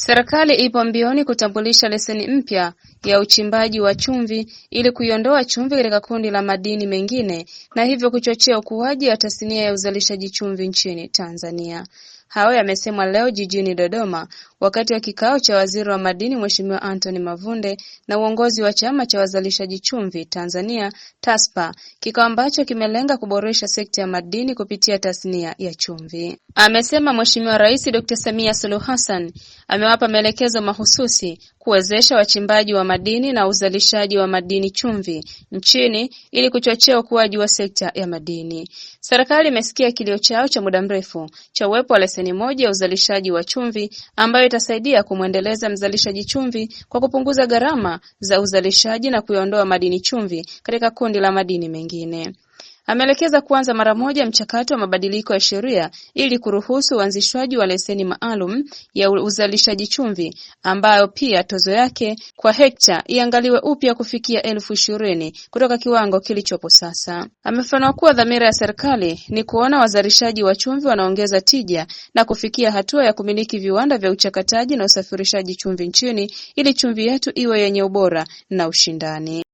Serikali ipo mbioni kutambulisha leseni mpya ya uchimbaji wa chumvi ili kuiondoa chumvi katika kundi la madini mengine na hivyo kuchochea ukuaji wa tasnia ya uzalishaji chumvi nchini Tanzania. Hayo yamesemwa leo jijini Dodoma wakati wa kikao cha waziri wa madini Mheshimiwa Anthony Mavunde na uongozi wa chama cha wazalishaji chumvi Tanzania TASPA, kikao ambacho kimelenga kuboresha sekta ya madini kupitia tasnia ya chumvi. Amesema Mheshimiwa Rais Dr. Samia Suluhu Hassan ame amewapa maelekezo mahususi kuwezesha wachimbaji wa madini na uzalishaji wa madini chumvi nchini ili kuchochea ukuaji wa sekta ya madini. Serikali imesikia kilio chao cha muda mrefu cha uwepo wa leseni moja ya uzalishaji wa chumvi ambayo itasaidia kumwendeleza mzalishaji chumvi kwa kupunguza gharama za uzalishaji na kuyaondoa madini chumvi katika kundi la madini mengine. Ameelekeza kuanza mara moja mchakato wa mabadiliko ya sheria ili kuruhusu uanzishwaji wa leseni maalum ya uzalishaji chumvi ambayo pia tozo yake kwa hekta iangaliwe upya kufikia elfu ishirini kutoka kiwango kilichopo sasa. amefanua kuwa dhamira ya serikali ni kuona wazalishaji wa chumvi wanaongeza tija na kufikia hatua ya kumiliki viwanda vya uchakataji na usafirishaji chumvi nchini ili chumvi yetu iwe yenye ubora na ushindani.